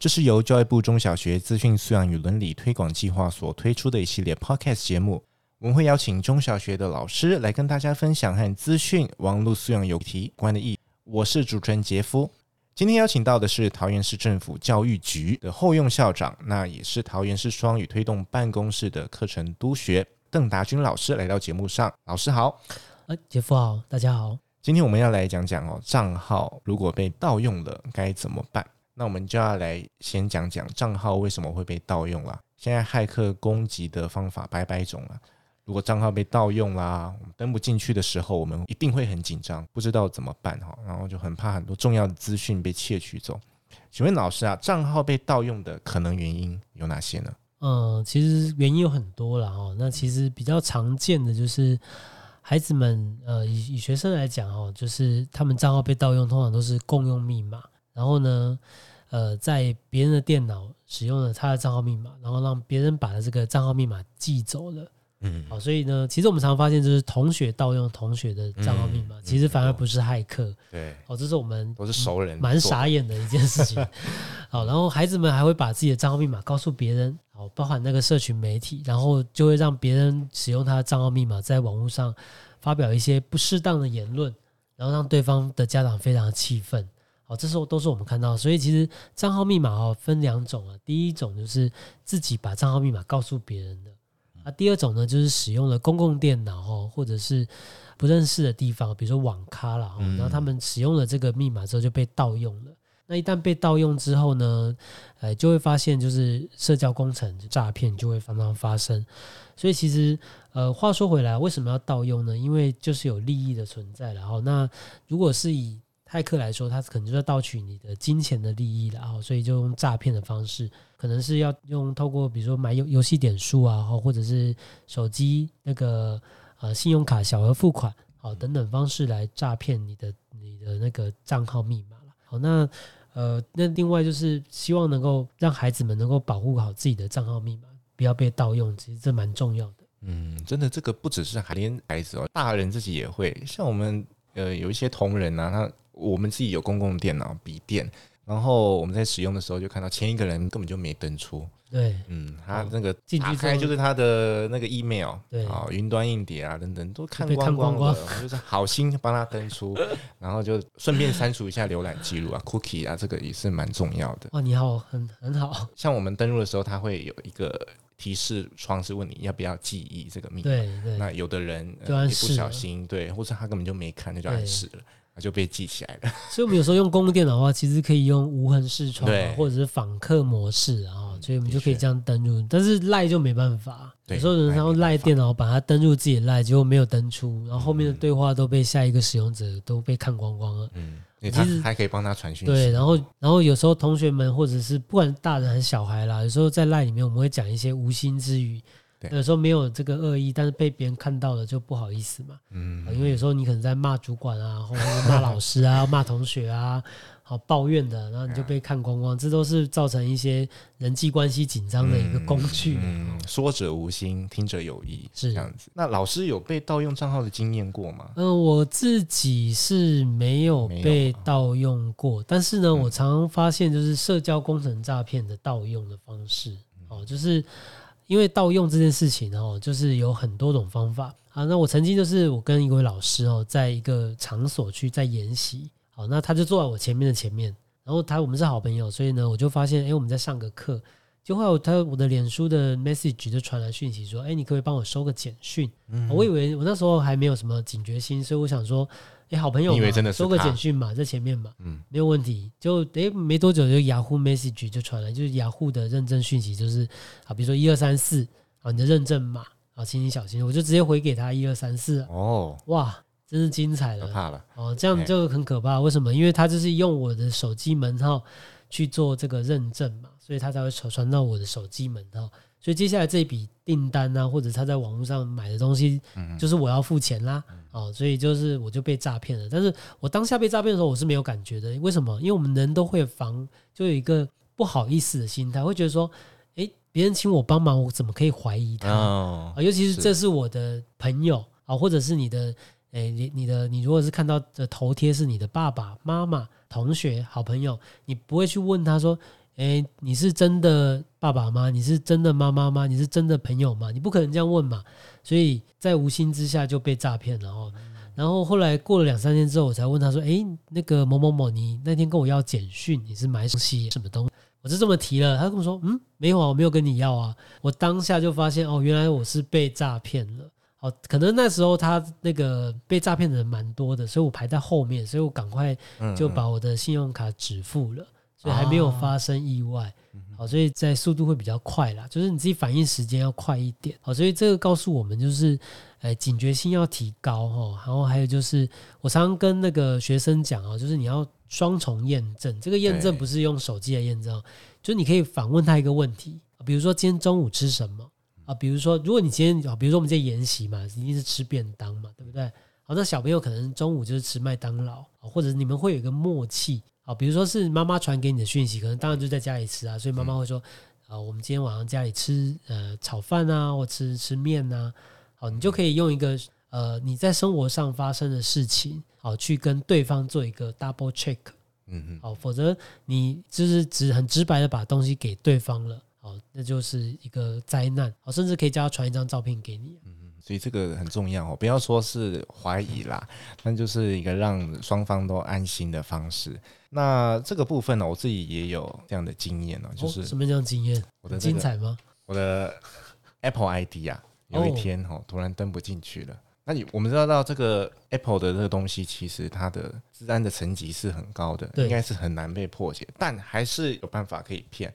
這是由教育部中小學資訊素養與倫理推廣計劃所推出的一系列 Podcast 節目。我們會邀請中小學的老師來跟大家分享和資訊網絡素養有關的議題。我是主持人傑夫。今天邀請到的是桃園市政府教育局的候用校長，那也是桃園市雙語推動辦公室的課程督學鄧達鈞老師來到節目上。老師好。哎，傑夫好，大家好。今天我們要來講講哦，賬號如果被盜用了該怎麼辦？那我們就要來先講講賬號為什麼會被盜用了，啊。現在駭客攻擊的方法百百種了，啊。如果賬號被盜用啦，啊，我們登不進去的時候，我們一定會很緊張，不知道怎麼辦哈。然後就很怕很多重要的資訊被竊取走。請問老師啊，賬號被盜用的可能原因有哪些呢？嗯，其實原因有很多啦哈，哦。那其實比較常見的就是孩子們，呃，以以學生來講哈，哦，就是他們賬號被盜用，通常都是共用密碼。然後呢，呃，在別人的電腦使用了他的賬號密碼，然後讓別人把他這個賬號密碼寄走了。嗯，好，所以呢，其實我們常發現，就是同學盜用同學的賬號密碼、嗯，其實反而不是駭客。嗯、對，哦，這是我們都是熟人、嗯，蠻傻眼的一件事情。 好，然後孩子們還會把自己的賬號密碼告訴別人，好，包含那個社群媒體，然後就會讓別人使用他的賬號密碼在網絡上發表一些不適當的言論，然後讓對方的家長非常的氣憤。哦，這時候都是我們看到，所以其實賬號密碼哦分兩種啊，第一種就是自己把賬號密碼告訴別人的，啊，第二種呢就是使用了公共電腦哦，或者是不認識的地方，比如說網咖了，然後他們使用了這個密碼之後就被盜用了。那一旦被盜用之後呢，哎，就會發現就是社交工程詐騙就會常常發生。所以其實呃，話說回來，為什麼要盜用呢？因為就是有利益的存在，然後那如果是以。駭客來說，他可能就是盜取你的金錢的利益了啊，所以就用詐騙的方式，可能是要用透過比如說買遊遊戲點數啊，或者是手機那個呃信用卡小額付款啊等等方式來詐騙你的你的那個賬號密碼好，那呃那另外就是希望能夠讓孩子們能夠保護好自己的賬號密碼，不要被盜用，其實這蠻重要的。嗯，真的這個不只是孩子哦、喔，大人自己也會，像我們呃有一些同仁吶、啊，他。我們自己有公共電腦、筆電，然後我們在使用的時候就看到前一個人根本就沒登出。對，嗯，他那個打開就是他的那個 email，對啊，雲、哦、端硬碟啊等等都看光光了。就是好心幫他登出， 然後就順便刪除一下瀏覽記錄啊、 cookie 啊，這個也是蠻重要的。哦，你好，很很好。像我們登入的時候，他會有一個提示窗，是問你要不要記憶這個密碼？對，那有的人一、嗯、不小心，對，或者他根本就沒看，那就暗示了。就被記起來了。所以，我們有時候用公共電腦的話，其實可以用無痕視窗，啊，或者是訪客模式啊，所以我們就可以這樣登入、嗯。但是 LINE 就沒辦法。對，有時候人然後 LINE 他 LINE 電腦，把它登入自己的 LINE，結果沒有登出，然後後面的對話都被下一個使用者、嗯、都被看光光了。嗯，其實他還可以幫他傳訊息。對，然後然後有時候同學們或者是不管大人還是小孩啦，有時候在 LINE 裡面我們會講一些無心之語。有時候沒有這個惡意，但是被別人看到了就不好意思嘛。嗯，因為有時候你可能在罵主管啊，或者罵老師啊， 罵同學啊，好抱怨的，然後你就被看光光、嗯，這都是造成一些人際關係緊張的一個工具。嗯嗯、說者無心，聽者有意，是這樣子。那老師有被盜用賬號的經驗過嗎？嗯、呃、我自己是沒有被盜用過，但是呢，嗯、我常常發現就是社交工程詐騙的盜用的方式，嗯、哦，就是。因為盜用這件事情哦，就是有很多種方法啊。那我曾經就是我跟一位老師哦，在一個場所去在研習好，那他就坐在我前面的前面，然後他我們是好朋友，所以呢，我就發現哎、欸，我們在上個課，就後來我他我的臉書的 message 就傳來訊息說，哎、欸，你可不可以幫我收個簡訊？嗯，我以為我那時候還沒有什麼警覺心，所以我想說。你、欸、好朋友嘛，你以為真的收個簡訊嘛，在前面嘛，嗯，沒有問題。就誒、欸，沒多久就 Yahoo message 就傳來，就是 Yahoo 的認證訊息，就是啊，比如說一二三四，啊，你的認證碼，啊，請你小心，我就直接回給他一二三四。哦，哇，真是精彩了，怕了哦，這樣就很可怕。為什麼？因為他就是用我的手機門號去做這個認證嘛，所以他才會傳傳到我的手機門號。所以接下來這一筆訂單呢、啊，或者他在網絡上買的東西、嗯，就是我要付錢啦、嗯。哦，所以就是我就被詐騙了。但是我當下被詐騙的時候，我是沒有感覺的。為什麼？因為我們人都會防，就有一個不好意思的心態，會覺得說，誒、欸，別人請我幫忙，我怎麼可以懷疑他、哦？尤其是這是我的朋友啊、哦，或者是你的，誒、欸，你你的你，如果是看到的頭貼是你的爸爸媽媽、同學、好朋友，你不會去問他說。欸，你是真的爸爸嗎？你是真的媽媽嗎？你是真的朋友嗎？你不可能這樣問嘛！所以在無心之下就被詐騙了喔。然後後來過了兩三天之後，我才問他說：“欸，那個某某某，你那天跟我要簡訊，你是買什麼什麼東西？”我就這麼提了。他跟我說：“嗯，沒有啊，我沒有跟你要啊。”我當下就發現喔，原來我是被詐騙了。哦，可能那時候他那個被詐騙的人蠻多的，所以我排在後面，所以我趕快就把我的信用卡止付了。所以還沒有發生意外，好、啊，所以在速度會比較快啦。嗯、就是你自己反應時間要快一點，好，所以這個告訴我們就是，誒，警覺性要提高哈。然後還有就是，我常常跟那個學生講啊，就是你要雙重驗證。這個驗證不是用手機來驗證，欸，就是你可以反問他一個問題，比如說今天中午吃什麼啊？比如說如果你今天，比如說我們在研習嘛，一定是吃便當嘛，對不對？好，那小朋友可能中午就是吃麥當勞，或者你們會有一個默契。哦，比如說是媽媽傳給你的訊息，可能當然就在家裡吃啊，所以媽媽會說，啊、嗯呃，我們今天晚上家裡吃，呃，炒飯啊，或吃吃麵吶、啊，好，你就可以用一個、嗯、呃，你在生活上發生的事情，好，去跟對方做一個 double check，嗯嗯，哦，否則你就是直很直白的把東西給對方了，哦，那就是一個災難，甚至可以叫他傳一張照片給你。嗯所以這個很重要哦、喔，不要說是懷疑啦，但就是一個讓雙方都安心的方式。那這個部分呢、喔，我自己也有這樣的經驗哦、喔，就是的、這個、什麼叫經驗？我的精彩嗎？我的 Apple ID 啊，有一天、喔、哦，突然登不進去了。那你我們知道到這個 Apple 的這個東西，其實它的資安的層級是很高的，應該是很難被破解，但還是有辦法可以騙。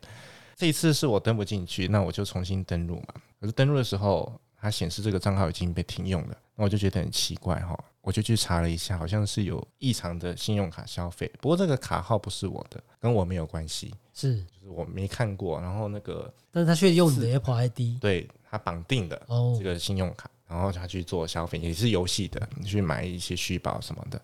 這一次是我登不進去，那我就重新登錄嘛。可是登錄的時候，它顯示這個賬號已經被停用了，那我就覺得很奇怪哈、哦，我就去查了一下，好像是有異常的信用卡消費，不過這個卡號不是我的，跟我沒有關係，是，就是我沒看過，然後那個，但是他卻用你的 Apple ID，對，他綁定了這個信用卡，然後他去做消費，也是遊戲的，你去買一些虛寶什麼的。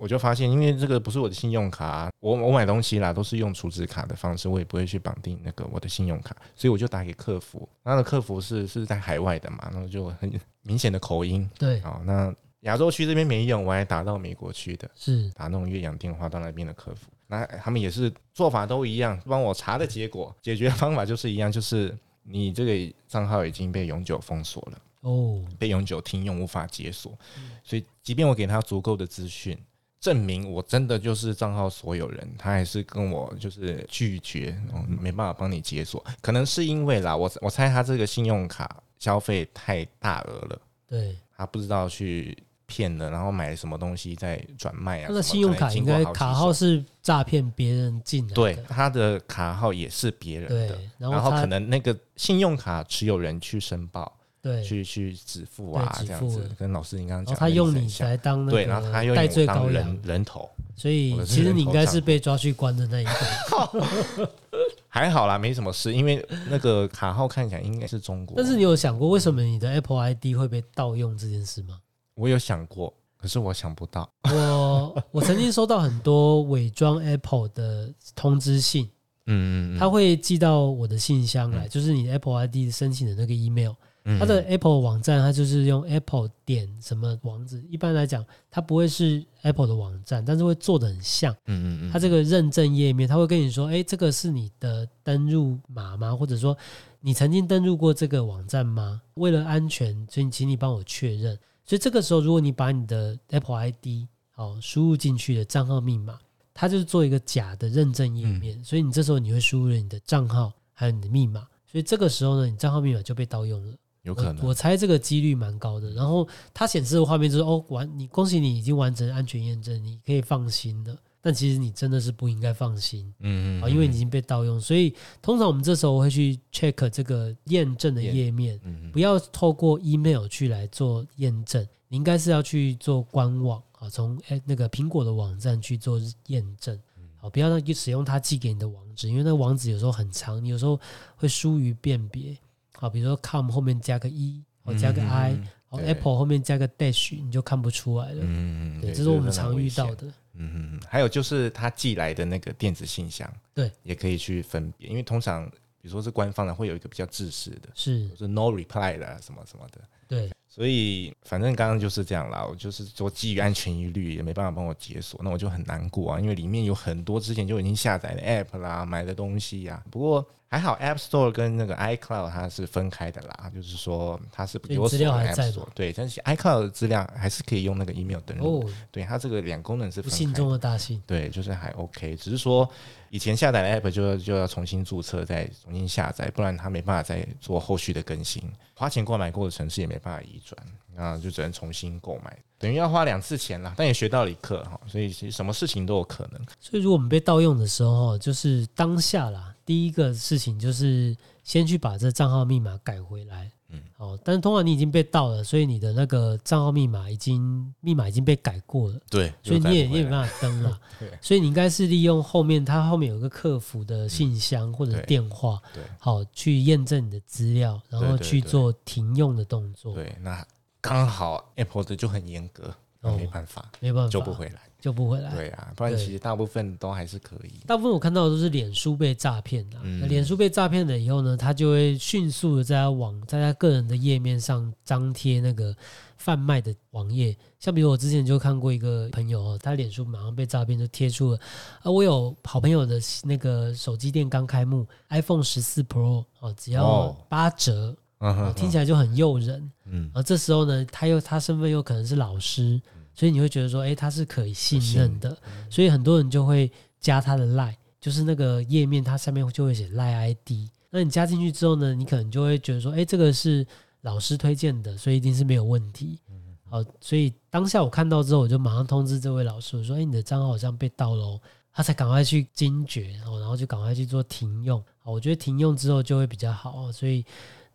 我就發現，因為這個不是我的信用卡，啊我，我我買東西啦都是用儲值卡的方式，我也不會去綁定那個我的信用卡，所以我就打給客服，那個客服是是在海外的嘛，然後就很明顯的口音，對，好、哦，那亞洲區這邊沒用，我還打到美國去的，是打那種越洋電話到那邊的客服，那他們也是做法都一樣，幫我查的結果解決的方法就是一樣，就是你這個賬號已經被永久封鎖了哦，被永久停用，無法解鎖，所以即便我給他足夠的資訊。證明我真的就是賬號所有人，他還是跟我就是拒絕，哦，沒辦法幫你解鎖。可能是因為啦，我我猜他這個信用卡消費太大額了，對，他不知道去騙了，然後買什麼東西再轉賣啊。他的信用卡應該卡號是詐騙別人進來的，對，他的卡號也是別人的，對，然後，然後可能那個信用卡持有人去申報。對，去去支付啊支付，這樣子。跟老師你剛剛，哦，你剛剛他用你來當那個代罪羔羊，對，然後他用你當人，羞羞人頭，所以其實你應該是被抓去關的那一個。 還好啦，沒什麼事，因為那個卡號看起來應該是中國。但是你有想過為什麼你的 Apple ID 會被盜用這件事嗎？我有想過，可是我想不到。我我曾經收到很多偽裝 Apple 的通知信，嗯嗯，他會寄到我的信箱來，嗯，就是你 Apple ID 申請的那個 email。它的 Apple 網站，它就是用 Apple 點什麼網址。一般來講，它不會是 Apple 的網站，但是會做得很像。嗯嗯嗯。它這個認證頁面，它會跟你說，誒，這個是你的登入碼嗎？或者說，你曾經登入過這個網站嗎？為了安全，所以請你幫我確認。所以這個時候，如果你把你的 Apple ID 好輸入進去的賬號密碼，它就是做一個假的認證頁面。所以你這時候你會輸入你的賬號還有你的密碼。所以這個時候呢，你賬號密碼就被盜用了。有可能、嗯，我猜這個幾率蠻高的，然後它顯示的畫面就是哦，完，你恭喜你已經完成安全驗證，你可以放心的。但其實你真的是不應該放心，嗯嗯啊、嗯嗯，因為你已經被盜用，所以通常我們這時候會去 check 這個驗證的頁面嗯嗯，不要透過 email 去來做驗證，你應該是要去做官網啊，從誒那個蘋果的網站去做驗證，好，不要使用他寄給你的網址，因為那個網址有時候很長，你有時候會疏於辨別。好，比如說 com 後面加個 e，或加個 i，然後、嗯、apple 後面加個 dash，你就看不出來了。嗯嗯嗯，這是我們常遇到的。嗯嗯。還有就是他寄來的那個電子信箱，對，也可以去分別。因為通常，比如說是官方的，會有一個比較正式的，是，就是 no reply 啦，什麼什麼的，對。所以反正剛剛就是這樣啦，我就是說基於安全疑慮也沒辦法幫我解鎖，那我就很難過啊，因為裡面有很多之前就已經下載的 app 啦，買的東西呀、啊。不過還好 App Store 跟那個 iCloud 它是分開的啦，就是說它是，所以資料還在，對，但是 iCloud 的資料還是可以用那個 email 登錄。哦，對，它這個兩功能是分開的，不幸中的大幸，對，就是還 OK，只是說以前下載的 app 就就要重新註冊，再重新下載，不然它沒辦法再做後續的更新，花錢購買過的程式也沒辦法移轉，啊，就只能重新購買，等於要花兩次錢啦。但也學到了一課哈。所以其實什麼事情都有可能。所以如果我們被盜用的時候，就是當下啦，第一個事情就是先去把這賬號密碼改回來。嗯，好，但是通常你已經被盜了，所以你的那個賬號密碼已經密碼已經被改過了，對，所以你也，你也沒辦法登了， 對，所以你應該是利用後面他後面有一個客服的信箱或者電話，對，對，好，去驗證你的資料，然後去做停用的動作，對，對，對，對，那剛好 Apple 的就很嚴格。沒辦法，哦、沒辦法就，救不回來，救不回來。對啊，不然其實大部分都還是可以。大部分我看到的都是臉書被詐騙啦、啊嗯。臉書被詐騙了以後呢，他就會迅速的在他網，在他個人的頁面上張貼那個販賣的網頁。像比如我之前就看過一個朋友哦，他臉書馬上被詐騙，就貼出了啊，我有好朋友的那個手機店剛開幕、嗯、，iPhone 十四 Pro 哦，只要八折。聽起來就很誘人，嗯，而這時候呢，他又他身份又可能是老師，所以你會覺得說，誒，他是可以信任的，所以很多人就會加他的 Line，就是那個頁面，它下面就會寫 Line ID。那你加進去之後呢，你可能就會覺得說，誒，這個是老師推薦的，所以一定是沒有問題。嗯，好，所以當下我看到之後，我就馬上通知這位老師，我說，誒，你的賬號好像被盜嘍，他才趕快去驚覺，然後然後就趕快去做停用。好，我覺得停用之後就會比較好，所以。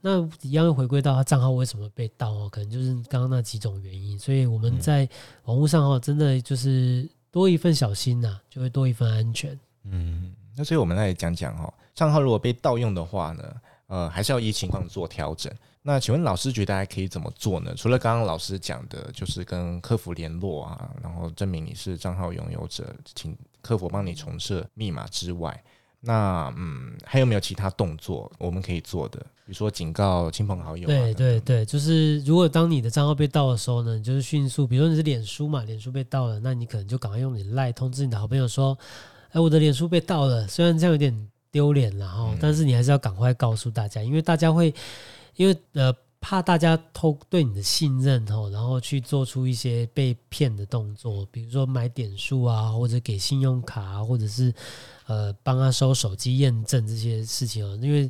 那一樣回歸到他賬號為什麼被盜哦，可能就是剛剛那幾種原因，所以我們在網絡上號，哦，真的就是多一份小心吶，啊，就會多一份安全。嗯，那所以我們來講講哦，賬號如果被盜用的話呢，呃，還是要依情況做調整。那請問老師覺得還可以怎麼做呢？除了剛剛老師講的，就是跟客服聯絡啊，然後證明你是賬號擁有者，請客服幫你重設密碼之外。那嗯，還有沒有其他動作我們可以做的？比如說警告親朋好友？啊。對對對等等，就是如果當你的賬號被盜的時候呢，你就是迅速，比如說你是臉書嘛，臉書被盜了，那你可能就趕快用你 LINE 通知你的好朋友說，哎、欸，我的臉書被盜了，雖然這樣有點丟臉，然、嗯、後但是你還是要趕快告訴大家，因為大家會，因為呃。怕大家偷對你的信任哦，然後去做出一些被騙的動作，比如說買點數啊，或者給信用卡，或者是呃幫他收手機驗證這些事情哦。因為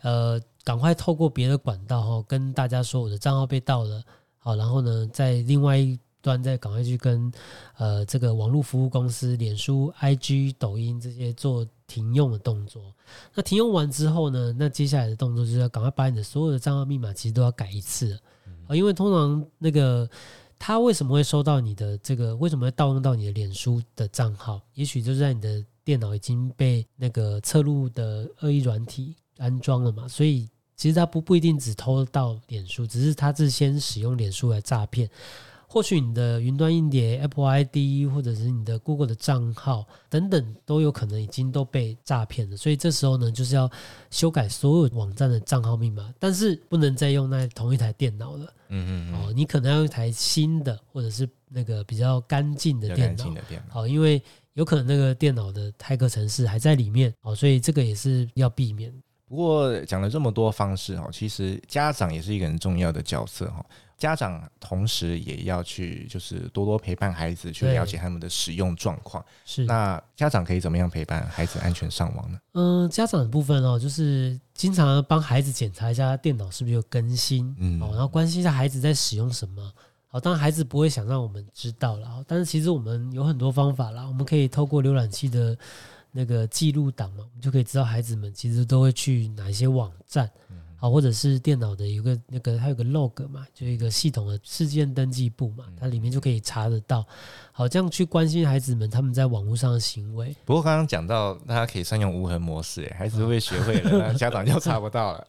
呃趕快透過別的管道吼跟大家說我的賬號被盜了，好，然後呢在另外一端再趕快去跟呃這個網絡服務公司、臉書、IG、抖音這些做。停用的動作，那停用完之後呢，那接下來的動作就是要趕快把你的所有的賬號密碼其實都要改一次，啊，因為通常那個他為什麼會收到你的這個，為什麼會盜用到你的臉書的賬號也許就是在你的電腦已經被那個側錄的惡意軟體安裝了嘛，所以其實他不不一定只偷到臉書，只是他是先使用臉書來詐騙。或許你的雲端硬碟、Apple ID 或者是你的 Google 的賬號等等都有可能已經都被詐騙了，所以這時候呢，就是要修改所有網站的賬號密碼，但是不能再用那同一台電腦了。嗯嗯，嗯。哦，你可能要用一台新的，或者是那個比較乾淨的電腦。乾淨的電腦。好、哦，因為有可能那個電腦的泰格程式還在裡面，哦，所以這個也是要避免。不過講了這麼多方式，哈，其實家長也是一個很重要的角色，哈。家長同時也要去，就是多多陪伴孩子，去了解他們的使用狀況。是，那家長可以怎麼樣陪伴孩子安全上網呢？嗯，家長的部分哦，就是經常幫孩子檢查一下電腦是不是有更新，嗯，哦，然後關心一下孩子在使用什麼。好，哦，當然孩子不會想讓我們知道了，但是其實我們有很多方法啦。我們可以透過瀏覽器的那個記錄檔嘛，我們就可以知道孩子們其實都會去哪些網站。嗯。啊，或者是電腦的有個那個，它有個 log 嘛，就一個系統的事件登記簿嘛，它裡面就可以查得到。好像去關心孩子們他們在網絡上的行為。不過剛剛講到，那可以善用無痕模式，哎，孩子會，不會學會了，那 家長就查不到了。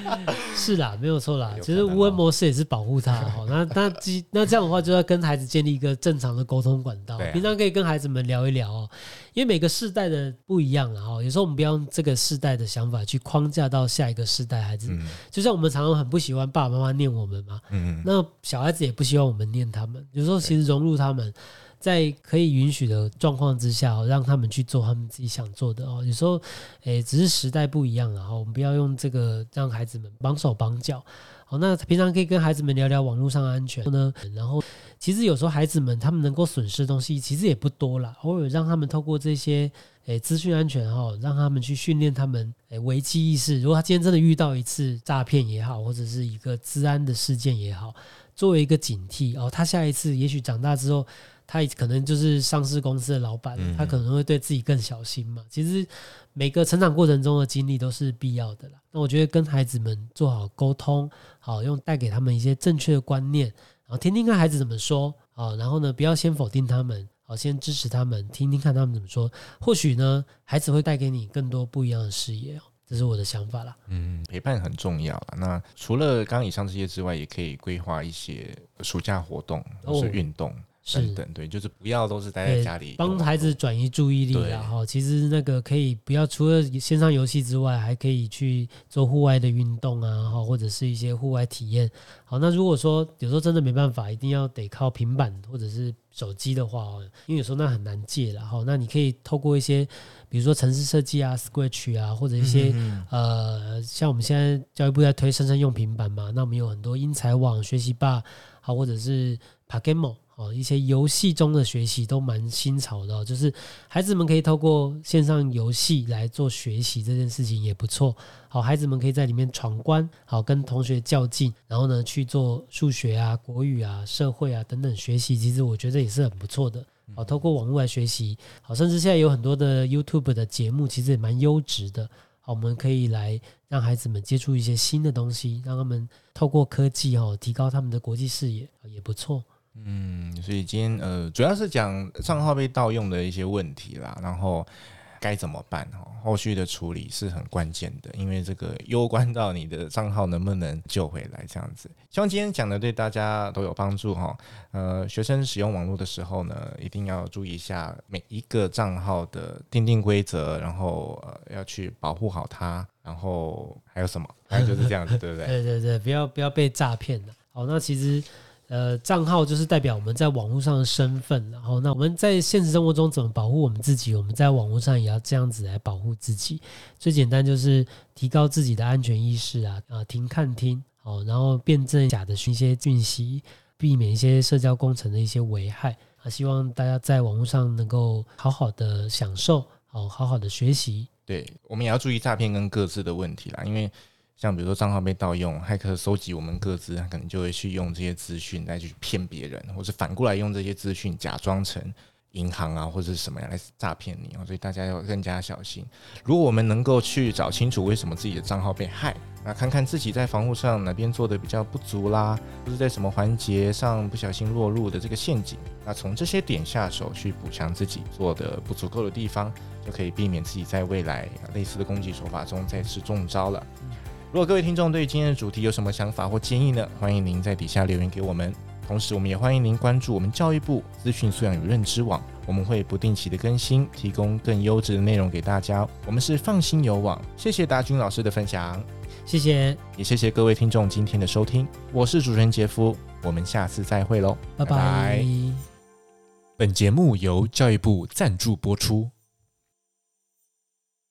是啦，沒有錯啦有、哦，其實無痕模式也是保護他、喔。哈， 那那那這樣的話，就要跟孩子建立一個正常的溝通管道、啊。平常可以跟孩子們聊一聊哦、喔，因為每個世代的不一樣了哈、喔。有時候我們不要用這個世代的想法去框架到下一個世代孩子。嗯、就像我們常常很不喜歡爸爸媽媽念我們嘛。嗯。那小孩子也不希望我們念他們。有時候其實融入他們。在可以允許的狀況之下，讓他們去做他們自己想做的哦。有時候，誒，只是時代不一樣了。哦，我們不要用這個讓孩子們綁手綁腳。好，那平常可以跟孩子們聊聊網絡上的安全呢。然後，其實有時候孩子們他們能夠損失的東西其實也不多了。偶爾讓他們透過這些誒資訊安全哈，讓他們去訓練他們誒危機意識。如果他今天真的遇到一次詐騙也好，或者是一個治安的事件也好，作為一個警惕哦，他下一次也許長大之後。他可能就是上市公司的老闆，嗯，他可能會對自己更小心嘛。其實每個成長過程中的經歷都是必要的啦。那我覺得跟孩子們做好溝通，好，用帶給他們一些正確的觀念，然後聽聽看孩子怎麼說啊。然後呢，不要先否定他們，好，先支持他們，聽聽看他們怎麼說。或許呢，孩子會帶給你更多不一樣的視野喔。這是我的想法啦。嗯，陪伴很重要啦。那除了剛剛以上這些之外，也可以規劃一些暑假活動，哦、或是運動。是的，對，就是不要都是待在家裡，幫孩子轉移注意力。然後其實那個可以不要，除了線上遊戲之外，還可以去做戶外的運動啊，或者是一些戶外體驗。好，那如果說有時候真的沒辦法，一定要得靠平板或者是手機的話，因為有時候那很難借，然後那你可以透過一些。比如說程式設計啊，Scratch 啊，或者一些、嗯、呃，像我們現在教育部在推生生用平板嘛，那我們有很多英才網、學習吧，好，或者是 PaGamO 哦，一些遊戲中的學習都蠻新潮的，哦，就是孩子們可以透過線上遊戲來做學習，這件事情也不錯。好，孩子們可以在裡面闖關，好，跟同學較勁，然後呢去做數學啊、國語啊、社會啊等等學習，其實我覺得也是很不錯的。好，透過網絡來學習，好，甚至現在有很多的 YouTube 的節目，其實也蠻優質的。好，我們可以來讓孩子們接觸一些新的東西，讓他們透過科技哦，提高他們的國際視野，也不錯。嗯，所以今天呃，主要是講賬號被盜用的一些問題啦，然後。該怎麼辦？吼，後續的處理是很關鍵的，因為這個攸關到你的賬號能不能救回來。這樣子，希望今天講的對大家都有幫助。吼，呃，學生使用網絡的時候呢，一定要注意一下每一個賬號的訂定規則，然後呃要去保護好它，然後還有什麼？反正就是這樣子呵呵呵，對不對？對對對，不要不要被詐騙了。好，那其實。呃，賬號就是代表我們在網絡上的身份，然後那我們在現實生活中怎麼保護我們自己？我們在網絡上也要這樣子來保護自己。最簡單就是提高自己的安全意識啊啊、呃，停、看、聽，哦，然後辨證假的訊息，避免一些社交工程的一些危害啊。希望大家在網絡上能夠好好的享受，好、哦、好好的學習。對我們也要注意詐騙跟各自的問題啦，因為，像比如說賬號被盜用，駭客收集我們各自，他可能就會去用這些資訊來去騙別人，或是反過來用這些資訊假裝成銀行啊，或者是什麼樣來詐騙你，所以大家要更加小心。如果我們能夠去找清楚為什麼自己的賬號被害，那看看自己在防護上哪邊做的比較不足啦，或者在什麼環節上不小心落入的這個陷阱，那從這些點下手去補強自己做的不足夠的地方，就可以避免自己在未來類似的攻擊手法中再次中招了。如果各位聽眾對於今天的主題有什麼想法或建議呢？歡迎您在底下留言給我們。同時，我們也歡迎您關注我們教育部資訊素養與認知網，我們會不定期的更新，提供更優質的內容給大家。我們是放心有網，謝謝達鈞老師的分享，謝謝，也謝謝各位聽眾今天的收聽。我是主持人杰夫，我們下次再會嘍，拜拜。本節目由教育部贊助播出。